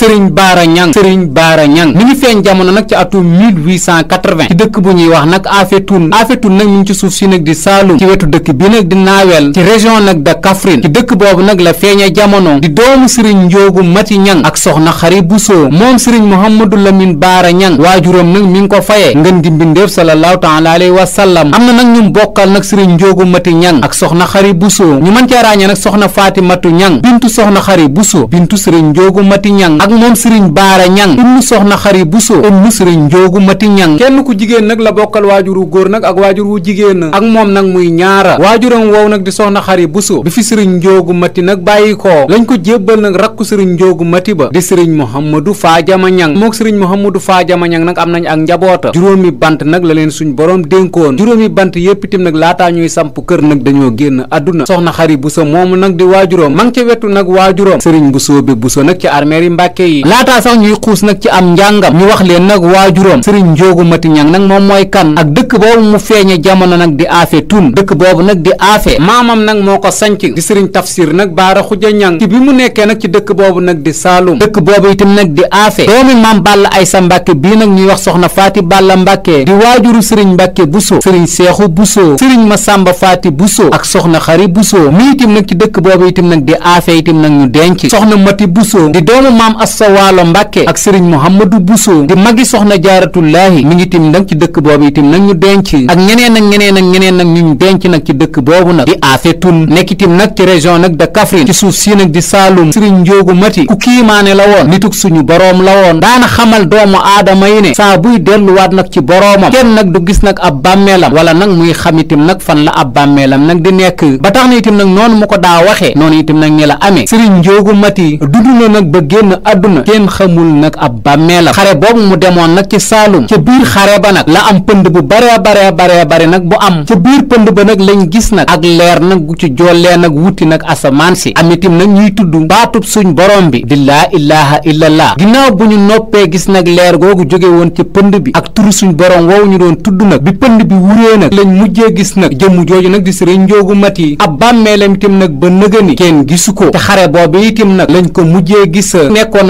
Serigne Bara Niang Serigne Bara Niang mi ngi feeñ jamono nag ci atum 1880 ci dëkk bu ñuy wax nag Afetoun Afetoun nag mi ngi ci suuf si nag di Saalum ci wetu dëkk bi nag di Naawel ci région nag de Kaffrine ci dëkk boobu nag la feeñee jamono di doomu Serigne Njoogu Mati Niang ak soxna Xari Bousso moom Serigne Mouhamadou Lamine Bara waa waajuram nag mi ngi ko fayee ngën di mbindeef sallallahu taala alayhi wa sallam am na nag ñum bokkal nag sëriñ Njoogu Mati Niang ak soxna Xari bu Bousso ñu mën cee ràññee nag soxna Fatimatu Niang bintu soxna Xari Bousso bintu Serigne Njoogu Mati Niang ak moom sëriñ baara ñang ibnu soxna xari buso ibnu sëriñ njoogu mati ñan kenn ku jigéen nag la bokkal waajur wu góor nag ak waajur wu jigéen ak moom nag muy ñaara waajuram woow nag di soxna xari buso bi fi sëriñ njoogu mati nag bàyyi ko lañ ko jébbal nag rakku sëriñ njoogu mati ba di sëriñ mohamadou faajama ñang mook sëriñ mohamadou faajama ñang nag am nañ ak njaboota juróomi bant nag la leen suñ borom dénkoon juróomi bant yépp itam nag laataa ñuy samp kër nag dañoo génn àdduna soxna xari buso moomu nag di waajuram ma ngi wetu nag waajuram sëriñ buso bi buso nag ci armeer barke yi laataa sax ñuy xuus nag ci am njàngam ñu wax leen nag waajuram sëriñ njoogu mati ñang nag moom mooy kan ak dëkk boobu mu feeñe jamono nag di aafe tun dëkk boobu nag di aafe maamam nag moo ko sanc di sëriñ tafsir nag baara xuja ñang bi mu nekkee nag ci dëkk boobu nag di saalum dëkk boobu itam nag di aafe doomi maam balla ay sa mbàkke bii nag ñuy wax soxna faati balla mbàkke di waajuru sëriñ mbàkke buso sëriñ seexu buso sëriñ masamba faati buso ak soxna xari buso mi itam nag ci dëkk boobu itam nag di aafe itam nag ñu denc soxna mati buso di doomu maam asta waalo mbàkke ak sëriñ mouhamadou bousso di magi soxna jaaratullaahi mi ngi tim nag ci dëkk boobu itim nag ñu denc ak ñeneen ak ñeneen ak ñeneen nag ñu denc nag ci dëkk boobu nag di aafetul nekk itim nag ci région nag de Kaffrine ci suuf si nag di saalum sëriñ njoogu mati ku kiimaane la woon nitug suñu boroom la woon daana xamal doomu aadama yi ne saa buy delluwaat nag ci boroomam kenn nag du gis nag ab bàmmeelam wala nag muy xam itim nag fan la ab bàmmeelam nag di nekk ba tax na itim nag noonu mu ko daa waxee noonu itim nag ni la na nag àdduna kenn xamul nag ab bàmmeelam xare boobu mu demoon nag ci saalum ca biir xare ba nag la am pënd bu bare bare bare bare nag bu am ca biir pënd ba nag lañ gis nag ak leer nag gu ci jollee nag wuti nag asamaan si amitim nag ñuy tudd baatub suñ borom bi di laa ilaha illallah ginnaaw bu ñu noppee gis nag leer googu jóge woon ca pënd bi ak turu suñ borom woowu ñu doon tudd nag bi pënd bi wuree nag lañ mujjee gis nag jëmm jooju nag di sëriñ njoogu mat yi ab bàmmeelam itam nag ba nëgëni ko te ko mujjee gis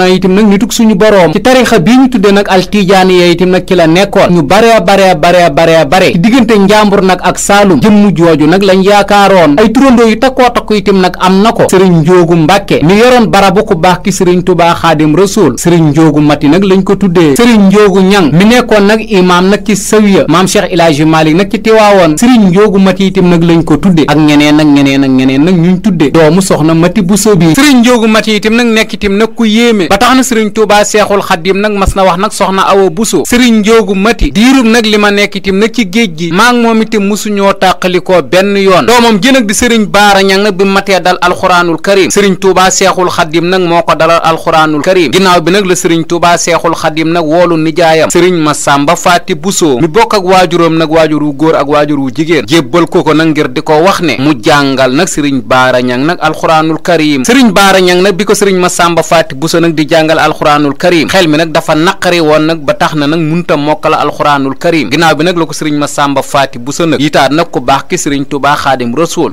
jamono itam nag nitug suñu boroom ci tarixa bii ñu tudde nag al tijaaniya itam nag ci la nekkoon ñu bare bare bare bare ci diggante njàmbur nag ak saalum jëmm jooju nag lañ yaakaaroon ay turandoo yu takkoo takku itam nag am na ko sëriñ njoogu mbàkke mi yoroon barabu ku baax ki sëriñ tubaa xaadim rasuul sëriñ njoogu mati nag lañ ko tuddee sëriñ njoogu ñang mi nekkoon nag imaam nag ci sawiya maam cheikh ilaaji malik nag ci tiwaawoon sëriñ njoogu mati itam nag lañ ko tudde ak ñeneen nag ñeneen nag ñeneen nag ñuñ tudde doomu soxna mati buso bi sëriñ njoogu mati itam nag nekk itam nag ku yéeme ba tax na sëriñ Touba Seexul Xaddim nag mas na wax nag soxna Awa Buso sëriñ Njoogu Mati diirub nag li ma nekk itam nag ci géej gi maa moom itam mosuñoo tàqalikoo benn yoon doomam ji nag di sëriñ Baara Ñang nag bi matee dal alxuraanul karim sëriñ Touba Seexul Xaddim nag moo ko dalal alxuraanul karim ginnaaw bi nag la sëriñ Touba Seexul Xaddim nag woolu nijaayam sëriñ Masamba Faati Buso mi bokk ak waajuram nag waajur wu góor ak waajur wu jigéen jébbal ko ko nag ngir di ko wax ne mu jàngal nag sëriñ Baara Ñang nag alxuraanul karim sëriñ Baara sëriñ Masamba Faati Buso nag di jàngal alxuraanul karim xel mi nag dafa naqari woon nag ba tax na nag munta mokkal alxuraanul karim ginnaaw bi nag la ko sëriñ Masamba Faati Buso nag yitaat nag ku baax ki sëriñ Tuubaa Xaadim Rasuul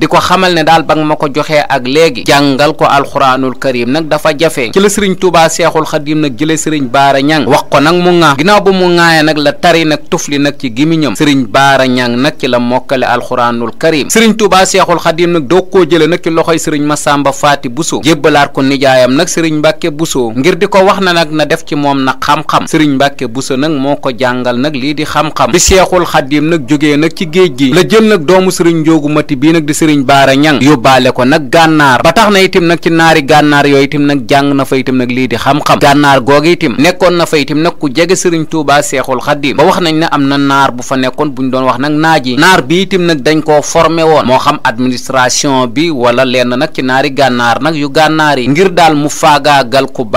ba nga ma ko joxee ak léegi jàngal ko alxuraanul karim nag dafa jafe ci la sëriñ Tuubaa ba mu ŋaayee nag la tari nag tufli nag ci gémmiñam sëriñ Baara Ñang nag ci la mokkale alxuraanul karim sëriñ Tuubaa Seexul Xaadim nag doo koo jële Faati Buso jébbalaat ko nijaayam nag sëriñ Mbàkke Buso googu ngir di ko wax na nag na def ci moom nag xam-xam sëriñ mbàkke buso nag moo ko jàngal nag lii di xam-xam bi seexul xaddim nag jógee nag ci géej gi la jël nag doomu sëriñ njoogu mati bii nag di sëriñ baara ñang yóbbaale ko nag gànnaar ba tax na itam nag ci naari gànnaar yooyu itam nag jàng na fa itam nag lii di xam-xam gànnaar googu itam nekkoon na fa itam nag ku jege sëriñ tuubaa seexul xaddim ba wax nañ ne am na naar bu fa nekkoon bu ñu doon wax nag naaji naar bi itam nag dañ koo formé woon moo xam administration bi wala lenn nag ci naari gànnaar nag yu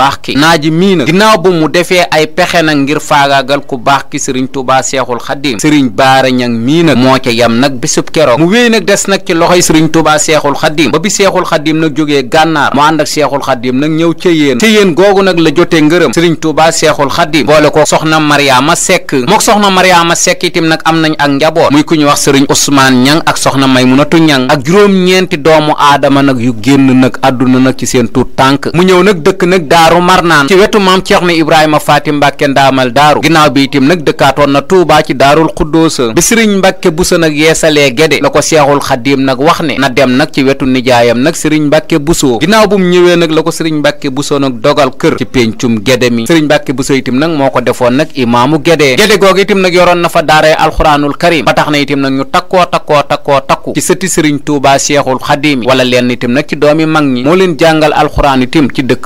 baax ki naa ji mii nag ginnaaw bu mu defee ay pexe nag ngir faagaagal ku baax ki sëriñ Tuubaa Seexul Xaddiim sëriñ Baara Ñang mii nag moo ca yam nag bisub keroog mu wéy nag des nag ci loxoy sëriñ Tuubaa Seexul Xaddiim ba bi Seexul Xaddiim nag jógee gànnaar mu ànd ak Seexul Xaddiim nag ñëw ca yéen ca yéen googu nag la jotee ngërëm sëriñ Tuubaa Seexul Xaddiim boole ko soxna Mariama Seck mook soxna Mariama sekk itam nag am nañ ak njaboot muy ku ñu wax sëriñ Ousmane Ñang ak soxna may Maymunatu ñan ak juróom-ñeenti doomu aadama nag yu génn nag àdduna nag ci seen tuut tànk mu ñëw nag dëkk nag daaru daaru marnaan ci wetu maam Ceerno ibrahima faati mbàkke ndaamal daaru ginnaaw bi itim nag dëkkaatoon na tuubaa ci daarul xuddoosa bi sëriñ mbàkke buso nag yeesalee gede la ko seexul xaddiim nag wax ne na dem nag ci wetu nijaayam nag sëriñ mbàkke busoo ginnaaw bu mu ñëwee nag la ko sëriñ mbàkke busoo nag dogal kër ci péncum gede mi sëriñ mbàkke busoo itim nag moo ko defoon nag imaamu gede gede googu itim nag yoroon na fa daaree alxuraanul karim ba na itim nag ñu takkoo takkoo takkoo takku ci sëti sëriñ tuubaa seexul xaddiim wala leen itim nag ci doomi mag ñi moo leen jàngal alxuraan itim ci dëkk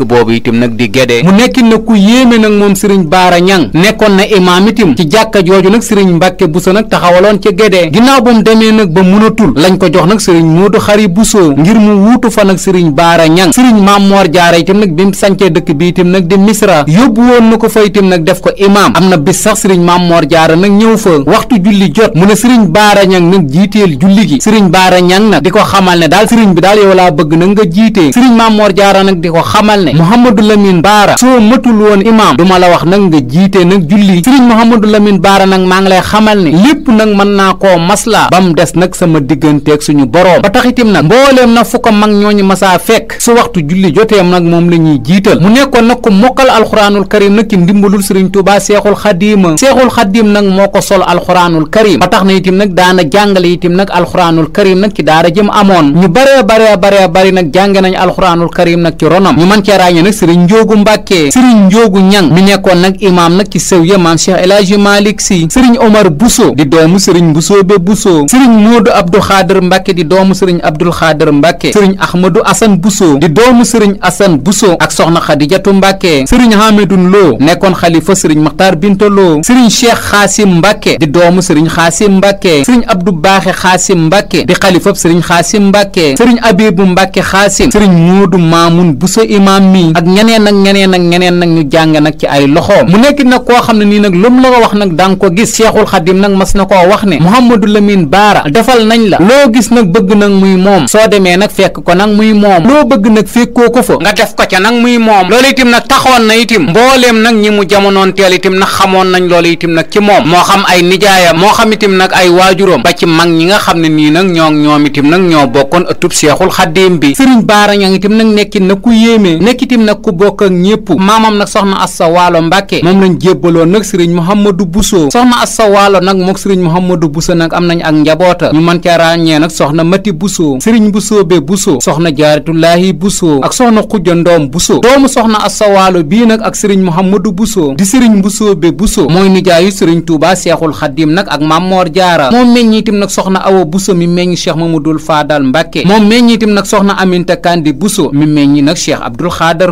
di gédee mu nekkin na ku yéeme nag moom sëriñ baara ñang nekkoon na imaam itim ci jàkka jooju nag sëriñ mbàkke buso nag taxawaloon ca gédee ginnaaw ba mu demee nag ba mënatul lañ ko jox nag sëriñ muudu xari buso ngir mu wuutu fa nag sëriñ baara ñang sëriñ maam moor jaara itim nag bi mu sancee dëkk bi itim nag di misra yóbbu woon na ko fa itim nag def ko imaam am na bis sax sëriñ maam moor jaara nag ñëw fa waxtu julli jot mu ne sëriñ baara ñang nag jiiteel julli gi sëriñ baara ñang nag di ko xamal ne daal bi daal yow laa bëgg nag nga jiitee sëriñ Lamine Baara soo matul woon imaam du ma la wax nag nga jiite nag julli Serigne Mouhamadou Lamine Baara nag maa ngi lay xamal ni lépp nag mën naa koo maslaa ba mu des nag sama digganteeg suñu boroom ba tax itam nag mbooleem nag fu ko mag ñooñu masaa fekk su waxtu julli joteem nag moom la jiital mu nekkoon nag ko mokkal alxuraanul karim nag ci ndimbalul Serigne Touba Seexul Xadiima Seexul Xadiim nag moo ko sol alxuraanul karim ba tax na itam nag daana jàngale itam nag alxuraanul karim nag ci daara jëm amoon ñu bare bare bare bari nag jànge nañ njoogu mbàkke sëriñ njoogu ñang mi nekkoon nag imaam nag ci sëw ya maam cheikh elaaji malik si sëriñ omar buso di doomu sëriñ busoobe buso sëriñ moodu abdu xaadir mbàkke di doomu sëriñ abdul xaadir mbàkke sëriñ ahmadu asan buso di asan buso ak soxna xadijatu mbàkke sëriñ hamidun loo nekkoon xalifa sëriñ maxtaar binta loo sëriñ cheikh xaasim mbàkke di doomu sëriñ xaasim mbàkke sëriñ abdu baaxe xaasim mbàkke di xalifab sëriñ xaasim mbàkke sëriñ abibu mbàkke xaasim sëriñ moodu maamun buso imaam mi ak ñeneen ak ñeneen ak ñeneen nag jàng nag ci ay loxoom mu nekkit koo xam ne nii nag lu mu la wax nag da nga ko gis Cheikhul Khadim nag na koo wax ne Mouhamadou Lamine Baara defal nañ la loo gis nag bëgg nag muy moom soo demee nag fekk ko nag muy moom loo bëgg nag fekkoo ko fa nga def ko ca nag muy moom loolu itam nag taxoon na itam mbooleem nag ñi mu jamonoon teel itam nag xamoon nañ loolu itam nag ci moom moo xam ay nijaayam moo xam itam nag ay waajuram ba ci mag ñi nga xam ne nii nag ñoo ñoom itam nag ñoo bokkoon ëttub Cheikhul Khadim bi Serigne Baara ñaa ngi nag nekkin nag ku yéeme nekkitim nag ku bokk bokk ak ñépp maamam nag soxna sa Waalo Mbàkke moom lañ jébbaloon nag sëriñ Mouhamadou Bousso soxna Asta Waalo nag mook sëriñ Mouhamadou Bousso nag am nañ ak njaboota ñu mën ca ràññee nag soxna Mati Bousso sëriñ Bousso be Bousso soxna Jaaratulaahi Bousso ak soxna Xujja Ndoom Bousso doomu soxna Asta Waalo bii nag ak sëriñ Mouhamadou Bousso di sëriñ Bousso be Bousso mooy nijaayu sëriñ Touba Seexul Xaddim nag ak Maam Moor Jaara moom meññ itam nag soxna Awa Bousso mi meññ Cheikh Mamadul Faadal Mbàkke moom meññ itam nag soxna Aminta Kandi Bousso mi meññ nag Cheikh Abdul Xaadar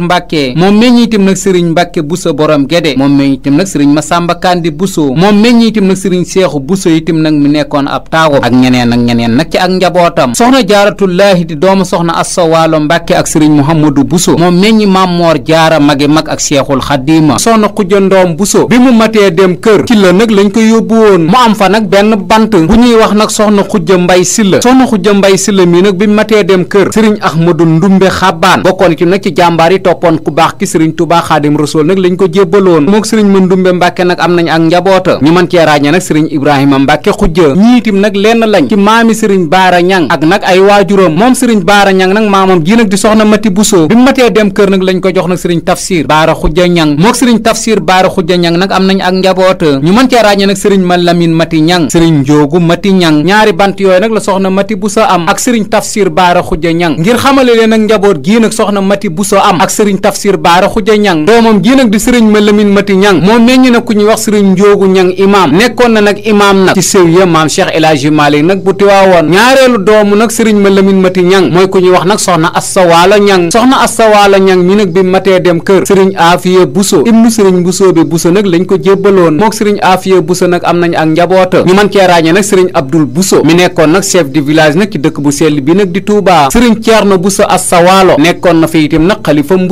moom meññ itam nag sëriñ Mbàkke Buso borom Gédé moom meññ itam nag sëriñ Masamba Kandi Buso moom meññ itam nag sëriñ Seexu Buso itam nag mu nekkoon ab taawam ak ñeneen ak ñeneen nag ci ak njabootam soxna jaaratullaahi di doomu soxna Assa Waalo Mbàkke ak sëriñ Muhammadu Buso moom meññ Maam Moor Jaara magi mag ak Seexul Xadiima soxna Xuja Ndoom Buso bi mu matee dem kër ci la nag lañ ko yóbbu woon mu am fa nag benn bant bu ñuy wax nag soxna Xuja Mbay Silla soxna Xuja Mbay Silla mii nag bi mu matee dem kër sëriñ Ahmadu Ndumbe Xabaan bokkoon itam nag ci jàmbaar yi toppoon ku baax ki sëriñ Tuubaa Xaadim Rasuul nag lañ ko jébbaloon mook sëriñ Mandumbe Mbàkke nag am nañ ak njaboota ñu mën cee ràññee nag sëriñ Ibrahima Mbàkke xujja ñiitim nag lenn lañ ci maami sëriñ Baara Ñang ak nag ay waajuram moom sëriñ Baara Ñang nag maamam ji nag di soxna Mati Buso bi matee dem kër nag lañ ko jox nag sëriñ Tafsir Baara Xujja Ñang mook sëriñ Tafsir Baara Xujja Ñang nag am nañ ak njaboota ñu mën cee ràññee nag sëriñ Ma Mati Ñang sëriñ Njoogu Mati Ñang ñaari bant yooyu nag la soxna Mati Buso am ak sëriñ Tafsir Tafsir Baara Xuja Ñang doomam ji nag di sëriñ ma Lamin Mati Ñang moo meññ na ku ñuy wax sëriñ Njoogu Ñang imaam nekkoon na nag imaam nag ci sëwiya maam Cheikh El Hadji nag bu tiwaawoon ñaareelu doomu nag sëriñ ma Lamin Mati Ñang mooy ku ñuy wax nag soxna Assawaala Ñang soxna Assawaala Ñang mi nag bi matee dem kër sëriñ Afiya Buso ibnu sëriñ Buso bi Buso nag lañ ko jébbaloon mook sëriñ Afiya Buso nag am nañ ak njaboota ñu mën cee ràññee nag sëriñ Abdul Buso mi nekkoon nag chef du village nag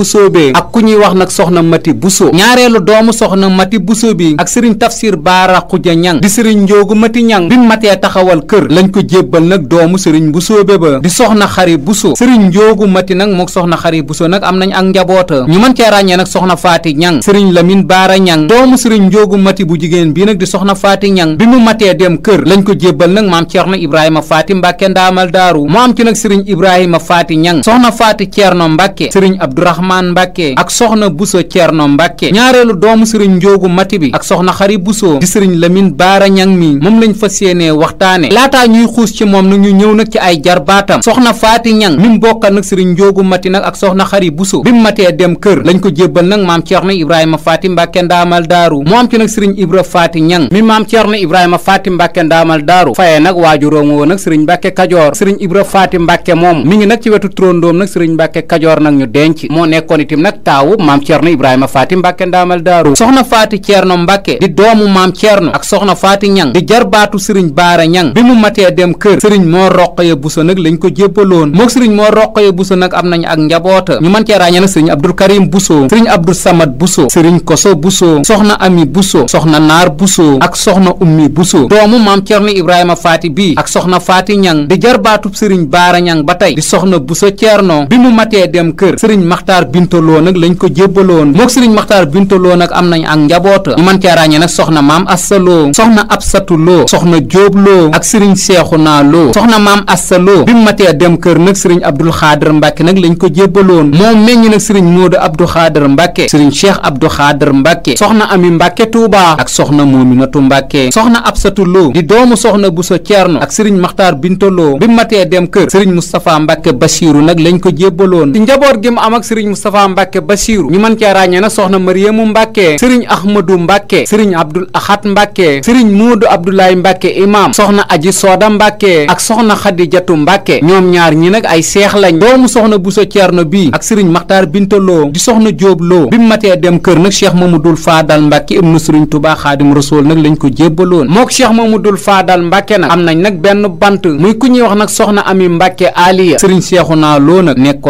ci Touré ak ku ñuy wax nag soxna Mati Bousso ñaareelu doomu soxna Mati Bousso bi ak sëriñ Tafsir Baara Xuja Ñang di sëriñ Njoogu Mati Ñang bi matee taxawal kër lañ ko jébbal nag doomu sëriñ Bousso be ba di soxna Xari Bousso sëriñ Njoogu Mati nag mook soxna Xari Bousso nag am nañ ak njaboota ñu mën cee ràññee nag soxna Faati Ñang sëriñ Lamin Baara Ñang doomu sëriñ Njoogu Mati bu jigéen bii nag di soxna Faati Ñang bi mu matee dem kër lañ ko jébbal nag maam Ceerno Ibrahima Faati Mbàkke ndaamal daaru mu am ci nag sëriñ Ibrahima Faati Ñang soxna Faati Ceerno Mbàkke sëriñ Abdourahman Mbàkke Mbàkke ak soxna Buso Ceerno Mbàkke ñaareelu doom sëriñ Njoogu Mati bi ak soxna Xari Buso di sëriñ Lamin Baara Ñang mi moom lañ fas yéenee waxtaane laataa ñuy xuus ci moom nag ñu ñëw nag ci ay jarbaatam soxna Faati ñan mi mu bokkal nag sëriñ Njoogu Mati nag ak soxna Xari Buso bi mu matee dem kër lañ ko jébbal nag maam Ceerno Ibrahima Faati Mbàkke Ndaamal Daaru mu am ci nag sëriñ Ibra Faati ñan mi maam Ceerno Ibrahima Faati Mbàkke Ndaamal Daaru fayee nag waajuróom woo nag sëriñ Mbàkke Kajoor sëriñ Ibra Faati moom mi ngi nag ci wetu tróndoom nag sëriñ Mbàkke Kajoor nag taawu maam Thierno Ibrahima Faty Mbacke ndaamal daaru soxna Faty Thierno Mbacke di doomu maam Thierno ak soxna Faty Ñang di jarbaatu sëriñ Baara Ñang bi mu matee dem kër sëriñ moo Roqaya Buso nag lañ ko jébbaloon moog sëriñ moo Roqaya Buso nag am nañu ak njaboota ñu mën cee ràññee nag sëriñ Abdul Karim Buso sëriñ Abdul Samad Buso sëriñ Koso Buso soxna Ami Buso soxna Naar Buso ak soxna ba tey di soxna Buso Thierno bi mu matee dem kër sëriñ Maxtaar Bintolo Lo nag lañ ko jébbaloon mook sëriñ Maxtaar Binta Lo nag am nañ ak njaboota ñu mën cee ràññee nag soxna maam Assa Lo soxna Absatu Lo soxna Jóob Lo ak sëriñ Seexuna Lo soxna maam Assa Lo bi mu matee dem kër nag sëriñ Abdul Xaadar Mbàkke nag lañ ko jébbaloon moo meññ nag sëriñ Moodu Abdu Xaadar Mbàkke sëriñ Cheikh Abdu Xaadar Mbàkke soxna Ami Mbàkke Tuubaa ak soxna Moominatu Mbàkke soxna Absatu Lo di doomu soxna Buso Ceerno ak sëriñ Maxtaar Binta Lo bi mu matee dem kër sëriñ Mustapha Mbàkke Basiiru nag lañ ko jébbaloon Mbacke Basiiru ñu mën caa ràññee na soxna Mariyamu Mbacke sëriñ Ahmadou Mbacke sëriñ Abdul Ahad Mbacke sëriñ Moodu Abdoulaye Mbacke imam soxna Aji Sooda Mbacke ak soxna Xadijatu Mbacke ñoom ñaar ñi nag ay seex lañ doomu soxna Buso Ceerno bi ak sëriñ Maxtaar Bintaloo di soxna Jóob Loo bi mu matee dem kër nag Cheikh Mamadul Faadal Mbacke ibnu sëriñ Tuubaa Xaadim Rasuul nag lañ ko jébbaloon mook Cheikh Mamadul Faadal Mbacke nag am nañ nag benn bant muy ku ñuy wax nag soxna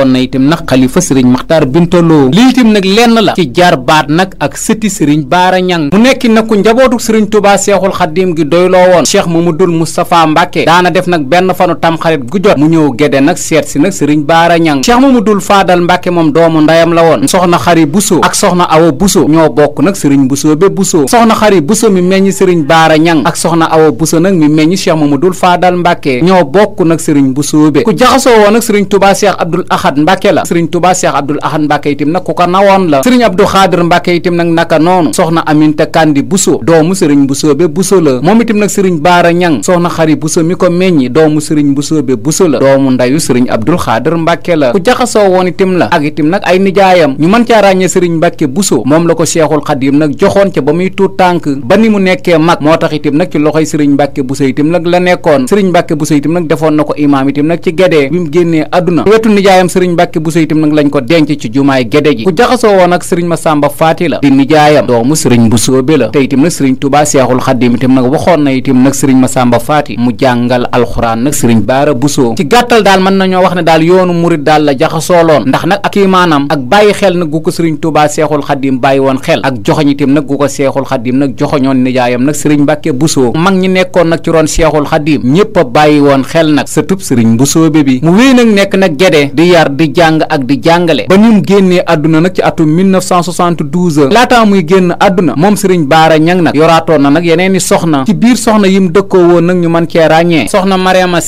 na itam nag xalifa sëriñ Maxtaar Bintaloo Lo lii itam nag lenn la ci jaar baat nag ak sëti sëriñ Baara Ñang mu nekki nag ku njabootu sëriñ Tuubaa Seexul Xaddiim gi doyloo woon seex ma mu Mamadul Moustapha Mbàkke daana def nag benn fanu tamxarit gu jot mu ñëw gédde nag seet si nag sëriñ Baara ma Cheikh dul Faadal Mbàkke moom doomu ndeyam la woon soxna Xari Buso ak soxna Awa Buso ñoo bokk nag sëriñ Buso be Buso soxna Xari Buso mi meññi sëriñ Baara Ñang ak soxna Awa Buso nag mi meññi Cheikh Mamadul Faadal Mbàkke ñoo bokk nag sëriñ Buso be ku jaxasoo woon nag sëriñ Tuubaa Cheikh Abdul Ahad Mbàkke la sëriñ Tuubaa Cheikh Abdul Ahad Mbàkke Mbàkke itam nag ku ko nawoon la sëriñ Abdou Xaadir Mbàkke itam nag naka noonu soxna Aminta Kandi Buso doomu sëriñ Buso be Buso la moom itam nag sëriñ Baara Ñang soxna Xari Buso mi ko meññi doomu sëriñ Buso be Buso la doomu ndayu sëriñ Abdul Xaadir Mbàkke la ku jaxasoo woon itam la ak itam nag ay nijaayam ñu mën caa ràññee sëriñ Mbàkke Buso moom la ko Seexul Xadiim nag joxoon ca ba muy tuut tànk ba ni mu nekkee mag moo tax itam nag ci loxoy sëriñ Mbàkke Buso itam nag la nekkoon sëriñ Mbàkke Buso itam nag defoon na ko imaam itam nag ci gedee bi mu génnee àdduna wetu nijaayam sëriñ Mbàkke Buso itam lañ ko denc Diomaye Gédé ji ku jaxasoo woon ak sëriñ Masamba Faati la di nijaayam doomu sëriñ Mbusoobe la te itam nag sëriñ Tuubaa Seexul Xadiim itam nag waxoon na itam nag sëriñ Masamba Faati mu jàngal alxuraan nag sëriñ Baara Busoo ci gàttal daal mën nañoo wax ne daal yoonu murit daal la jaxasooloon ndax nag ak kiimaanam ak xel nag gu ko sëriñ Tuubaa Seexul Xadiim bàyyi woon xel ak joxoñ itam nag gu ko Seexul Xadiim nag joxoñoon nijaayam nag sëriñ Mbàkke Busoo mag ñi nekkoon nag ci roon Seexul Xadiim ñépp a bàyyi woon xel nag sa tub sëriñ Mbusoobe bi mu wéy nag nekk nag Gédé di yar di jàng ak di jàngale ba ñum génn génnee àdduna nag ci atum 1972 laataa muy génn àdduna moom sëriñ baara ñang nag yoraatoon na nag yeneen i soxna ci biir soxna yim dëkkoo woon nag ñu mën cee ràññee soxna mariama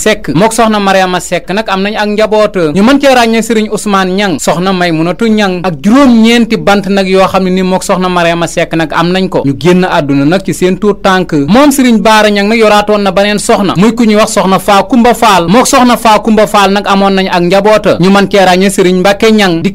soxna mariama sekk nag ak juróom-ñeenti bant nag yoo xam ne ni mook soxna mariama sekk nag am nañ ko ñu génn àdduna nag ci seen tuur tànk moom sëriñ baara ñang nag yoraatoon na baneen soxna muy ku ñuy wax soxna faa kumba faal mook soxna faa kumba faal nag amoon nañ ak njaboota ñu mën cee ràññee sëriñ mbàkke ñang di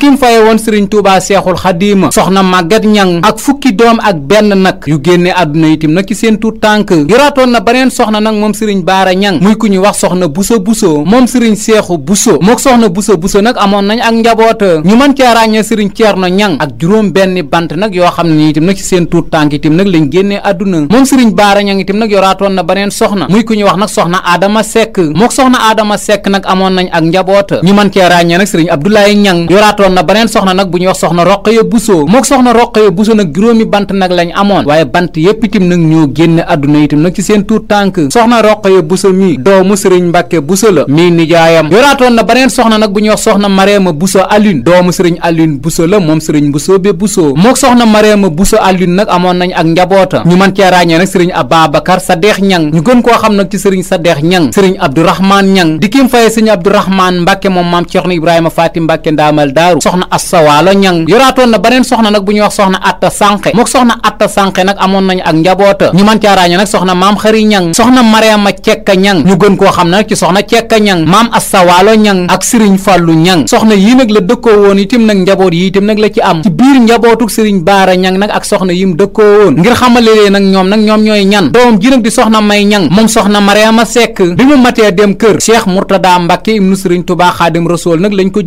woon sëriñ Touba Seexul Xadiima soxna Maguette Ñang ak fukki doom ak benn nag yu génne àdduna itam nag ci seen tuut tànk yoraatoon na beneen soxna nag moom sëriñ Baara Ñang muy ku ñu wax soxna Buso Buso moom sëriñ Seexu Buso mook soxna Buso Buso nag amoon nañ ak njaboota ñu mën cee ràññee sëriñ Ceerno Ñang ak juróom benn bant nag yoo xam ne itam nag ci seen tuut tànk itam nag lañ génnee àdduna moom sëriñ Baara Ñang itam nag yoraatoon na beneen soxna muy ñu wax nag soxna Adama Seck mook soxna Adama sekk nag amoon nañ ak njaboota ñu mën cee ràññee sëriñ Abdoulaye Ñang yoraatoon na beneen soxna soxna nag bu ñuy wax soxna Roqaya Buso mook soxna Roqaya Buso nag juróomi bant nag lañ amoon waaye bant yépp itam nag ñoo génn àdduna itam nag ci seen tuur tànk soxna Roqaya Buso mi doomu Sëriñ Mbàkke Buso la mii nijaayam yoraatoon na baneen soxna nag bu ñuy wax soxna Mariama Buso Alune doomu Sëriñ Alune Buso la moom Sëriñ Buso nag amoon Ababakar Sadeex Ñang ñu gën koo xam nag ci Sëriñ Sadeex Ñang Sëriñ Abdourahmaan Ñang di faye Sëriñ Abdourahmaan Mbàkke moom maam Ceerno Ibrahima Faati Mbàkke ndaamal daaru soxna as sa waalo ñang yoraatoon na beneen soxna nag bu ñuy wax soxna atta sànqe mook soxna atta sànqe nag amoon nañu ak njaboota ñu mën caa ràññee nag soxna maam xëri ñang soxna mariama cekka ñang ñu gën koo xam ne nag ci soxna cekka ñang maam asta waalo ñang ak sëriñ fàllu ñang soxna yii nag la dëkkoo woon itam nag njaboot yi itam nag la ci am ci biir njabootuk sëriñ baara ñang nag ak soxna yim dëkkoo woon ngir xamale leen nag ñoom nag ñoom ñooy ñan doom ji nag di soxna may ñang moom soxna mariama sekk bi mu matee dem kër cheikh murtada mbàkke ibnu sëriñ tubaa xaadim rasool nag lañ ko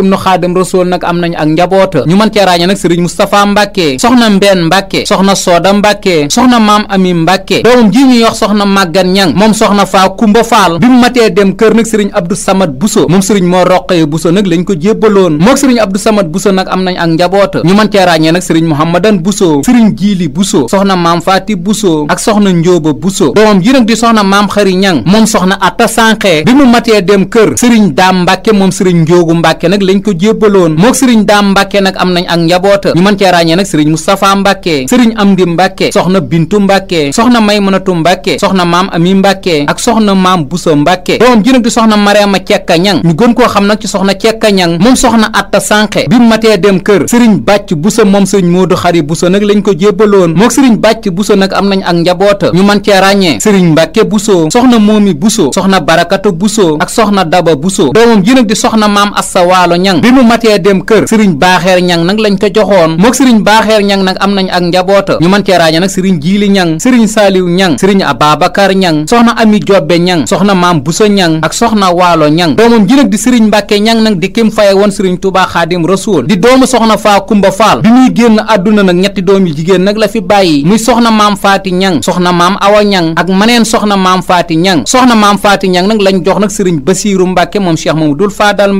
Mbàkke ibnu Xaadim Rasuul nag am nañu ak njaboota ñu man cee ràññee nag sëriñ Moustapha Mbàkke soxna Mbenn Mbàkke soxna Sooda Mbàkke soxna Maam Ami Mbàkke doomam ji ñuy wax soxna Màggan Ñang moom soxna Faa Kumba Faal bi mu matee dem kër nag sëriñ Abdou Samad Bousso moom sëriñ moo roqee Bousso nag lañ ko jébbaloon mook sëriñ Abdou Samad Bousso nag am nañ ak njaboota ñu man cee ràññee nag sëriñ Mouhamadan Bousso sëriñ Jiili Bousso soxna Maam Faati Bousso ak soxna Njóoba bu doomam ji nag di soxna Maam Xari Ñang moom soxna Atta Sànqe bi mu matee dem kër sëriñ Daam Mbàkke moom sëriñ Njóogu Mbàkke nag nag lañ ko jébbaloon mook sëriñ daam mbàkke nag am nañ ak njaboota ñu man cee ràññee nag sëriñ Moustapha Mbàkke sëriñ Amdi Mbàkke soxna Bintu Mbàkke soxna Maymunatu Mbàkke soxna maam Ami Mbàkke ak soxna maam Buso Mbàkke doom ji nag di soxna Mariama Cekka Ñang ñu gën koo xam nag ci soxna Cekka Ñang moom soxna Atta Sànqe bi matee dem kër sëriñ Bàcc Buso moom sëriñ Moodu Xari Buso nag lañ ko jébbaloon mook sëriñ Bàcc Buso nag am nañ ak njaboota ñu mën cee ràññee sëriñ Mbàkke Buso soxna Moomi Buso soxna Barakatu Buso ak soxna Daba Buso doomam ji nag di soxna maam Assawa waalo ñang bi mu matee dem kër sëriñ baaxeer ñang nag lañ ko joxoon mook sëriñ baaxeer ñang nag am nañ ak njaboota ñu mën cee ràññee nag sëriñ jiili ñang sëriñ saaliw ñang sëriñ ababakar ñang soxna ami jobbe ñang soxna maam busa ñang ak soxna waalo ñang doomam ji nag di sëriñ mbàkke ñang nag di kim faye woon sëriñ tuubaa xaadim rasuul di doomu soxna faa kumba faal bi muy génn àdduna nag ñetti doom yu jigéen nag la fi bàyyi muy soxna maam faati ñang soxna maam awa ñang ak maneen soxna maam faati ñang soxna maam faati ñang nag lañ jox nag sëriñ basiiru mbàkke moom cheikh mamadul faadal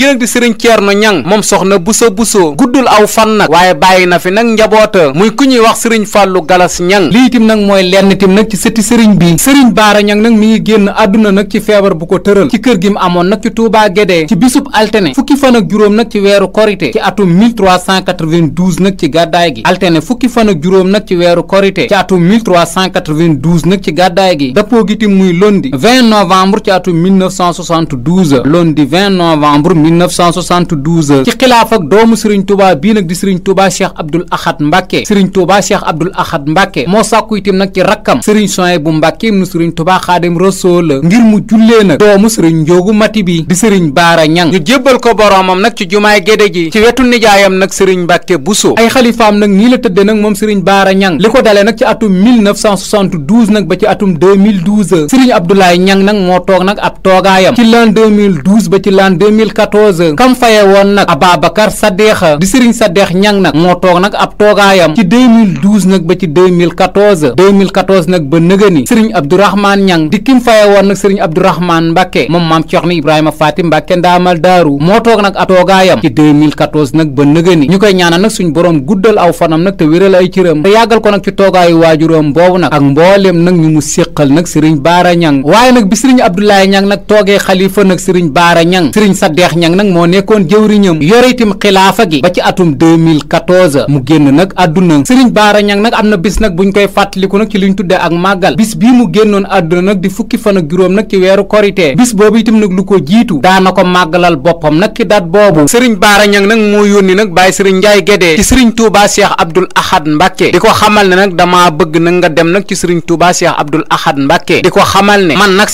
gi nag di sëriñ Thierno Niang moom soxna Bousso Bousso guddul aw fan nag waaye bàyyi na fi nag njaboota muy ku ñuy wax sëriñ fàllu Galas ñan lii itam nag mooy lenn itam nag ci sëti sëriñ bi sëriñ Baara ñan nag mi ngi génn àdduna nag ci feebar bu ko tëral ci kër gi mu amoon nag ci Touba Guédé ci bisub altene fukki fan ak juróom nag ci weeru korité ci atum 1392 nag ci gàddaay gi altene fukki fan ak juróom nag ci weeru korité ci atum 1392 nag ci gàddaay gi dëppoo gi itam muy lundi 20 novembre ci atum 1972 lundi 20 novembre 1972 ci xilaaf ak doomu Serigne Touba bii nag di Serigne Touba Cheikh Abdoul Ahad Mbacke Serigne Touba Cheikh Abdoul Ahad Mbacke moo sàkku itam nag ci rakkam Serigne Souhaïbou Mbacke ibnu Serigne Touba Xaadim Rasool ngir mu jullee nag doomu Serigne Njoogu Mati bi di Serigne Baara Ñang ñu jébbal ko boroomam nag ci jumaay gédé ji ci wetu nijaayam nag Serigne Mbacke Bousso ay xalifaam nag nii la tëddee nag moom Serigne Baara Ñang li ko dalee nag ci atum nag ba ci atum 2012 Serigne Abdoulaye Ñang nag moo toog nag ab toogaayam ci l'an 2012 ba ci l'an proposeur kam faye woon nag Ababacar Saddeex di Serigne Saddeex ñang nag moo toog nag ab toogaayam ci 2012 nag ba ci 2014 2014 nag ba nëgëni Serigne Abdourahmane ñang di kim faye woon nag Serigne Abdourahmane Mbacke moom maam Cheikh ni Ibrahima Fatim Mbacke ndaamal daaru moo toog nag guddal aw fanam nag te wéral ay cëram te yàggal ko nag ci toogaayu waajuram boobu nag ak mbooleem nag ñu mu séqal nag Serigne Baara ñang waaye nag bi Serigne Abdoulaye ñang nag toogee xalifa nag Serigne Baara ñang Serigne Saddeex ñang Ñang nag moo nekkoon jëwriñam yore itam xilaafa gi ba ci atum mu génn nag àdduna Serigne Bara nag am na bis nag buñ koy fàttaliku nag ci liñ tuddee ak màggal bis bii mu génnoon àdduna nag di fukki fan juróom nag ci weeru korite bis boobu itam nag lu ko jiitu daana ko màggalal boppam nag ci dat boobu Serigne Bara Ñang nag moo yónni nag bàyyi Serigne Ndiaye Guédé ci Serigne Touba Cheikh Abdoul Ahad Mbacke di ko xamal ne nag damaa bëgg nag nga dem nag ci Serigne Touba Cheikh Abdoul Ahad Mbacke di ko xamal ne man nag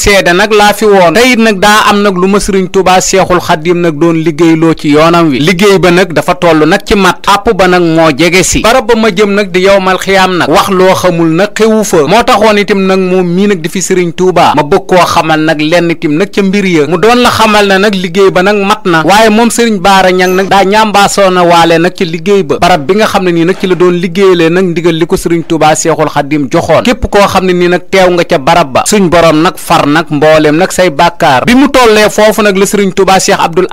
nag doon liggéeyloo ci yoonam wi liggéey ba nag dafa toll nag ci mat àpp ba nag moo jege si barab ba ma jëm nag di yowmal xiyaam nag wax loo xamul nag xewu fa moo taxoon itam nag moom mii nag di fi sëriñ Tuubaa ma bëgg koo xamal nag lenn itam nag ca mbir ya mu doon la xamal na nag liggéey ba nag mat na waaye moom sëriñ Baara Ñang nag daa ñàmbaasoo na waale nag ci liggéey ba barab bi nga xam ne nii nag ci la doon liggéeyalee nag ndigal li ko sëriñ t Seexul Xadim joxoon képp koo xam ne nii nag teew nga ca barab ba suñ borom nag far nag mboolem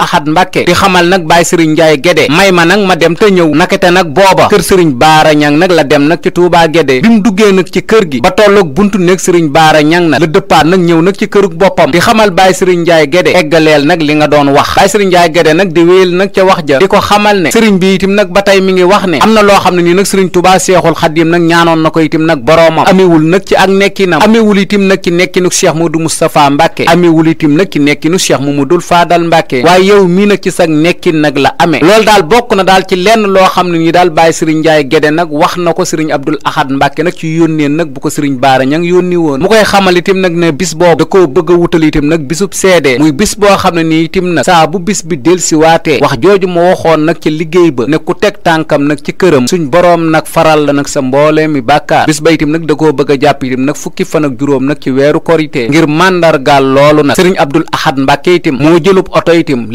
Ahad Mbacke di xamal nag Baye Serigne Ndiaye Guédé may ma nag ma dem te ñëw nakete nag booba kër Serigne Baara nag la dem nag ci Touba bi mu duggee nag ci kër gi ba tolloog buntu nekk Serigne Baara Ñang la dëppaat nag ñëw nag ci kërug boppam di xamal Baye Serigne Ndiaye Guédé eggaleel nag li nga doon wax Baye Serigne nag di wéyal nag ca wax ja ko xamal ne Serigne bi itam nag ba tey mi ngi wax ne am na loo xam ne nii nag Serigne Touba Seexul Xadim nag ñaanoon na ko itam nag boroomam amewul nag ci ak nekkinam amewul itam nag ci nekkinu Cheikh Modou Moustapha Mbacke amewul itam nag ci nekkinu Cheikh Mamadou Fadal Mbacke waaye yow mii nag ci sag nekkin nag la amee loolu daal bokk na daal ci lenn loo xam ne nii daal bàyyi sëriñ Njaay Gédé nag wax na ko sëriñ Abdul Ahad Mbàkke nag ci yónneen nag bu ko sëriñ Baara Ñang yónni woon mu koy xamal itam nag ne bis boo da koo bëgg a wutal itam nag bisub seede muy bis boo xam ne nii itam nag saa bu bis bi del si waatee wax jooju ma waxoon nag ci liggéey ba ne ku teg tànkam nag ci këram suñ borom nag faral la nag sa mboole mi bàkkaar bis ba nag da koo bëgg a jàpp itam nag fukki fan ak juróom nag ci weeru ngir màndargaal loolu nag sëriñ Abdul Ahad Mbàkke moo jëlub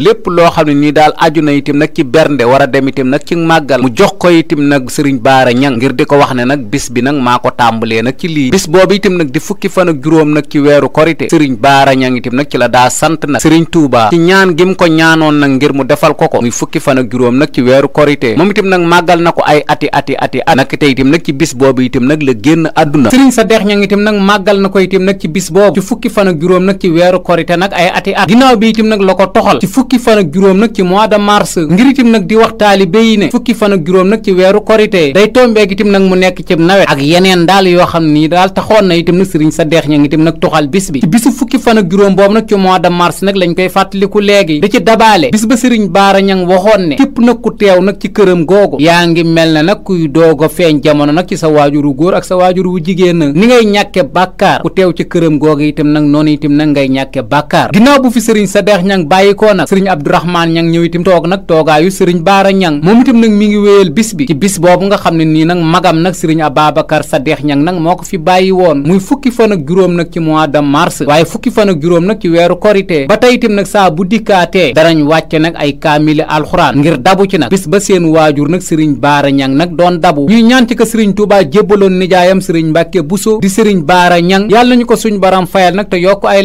lépp loo xam ne nii daal aju na itam nag ci bernde war a dem itam nag ci màggal mu jox ko itam nag sëriñ baara ñang di ko wax ne nag bis bi nag maa ko tàmbalee nag ci lii bis boobu itam nag di fukki fan ak nag ci weeru korite sëriñ baara ñang itam nag ci la daa sant nag sëriñ tuubaa ñaan gi ko ñaanoon nag ngir mu defal ko ko muy fukki fan juróom nag ci weeru korite moom itam nag màggal na ko ay ati ati ati at nag tey itam nag ci bis boobu itam nag la génn àdduna sëriñ sa deex ñang itam nag màggal na ko itam nag ci bis boobu fukki fan ak juróom nag ci weeru korite nag ay ati at ginnaaw bi itam nag la ko toxal ci fukki fukki fan ak juróom nag ci mois de mars ngir itam nag di wax taalibe yi ne fukki fan ak juróom nag ci weeru korite day tombeeg itam nag mu nekk ci nawet ak yeneen daal yoo xam ne nii daal taxoon na itam nag sëriñ sa deex ña ngi itam nag toxal bis bi ci bisu fukki fan ak juróom boobu nag ci mois de mars nag lañ koy fàttaliku léegi di ci dabaale bis ba sëriñ baara ñang waxoon ne képp nag ku teew nag ci këram googu yaa ngi mel na nag kuy doog a feeñ jamono nag ci sa waajuru góor ak sa waajuru jigéen ni ngay ñàkke bàkkaar teew ci këram googu itam nag noonu itam nag ngay ñàkke bàkkaar sëriñ Abdourahmane Niang ñëw itam toog nag toogaayu sëriñ Baara Niang moom itam nag mi ngi wéyal bis bi ci bis boobu nga xam ne nii nag magam nag sëriñ Ababacar Saddeex Niang nag moo ko fi bàyyi woon muy fukki fan ak juróom nag ci mois de mars waaye fukki fan ak juróom nag ci weeru korité ba tey itam nag saa bu dikkaatee danañ wàcce nag ay kaamili alxuraan ngir dabu ci nag bis ba seen waajur nag sëriñ Baara Niang nag doon dabu ñuy ñaan ci ko sëriñ Touba jébbaloon nijaayam sëriñ Mbàkke Buso di sëriñ Baara Niang yàlla ñu ko suñ baram fayal nag te yokk ay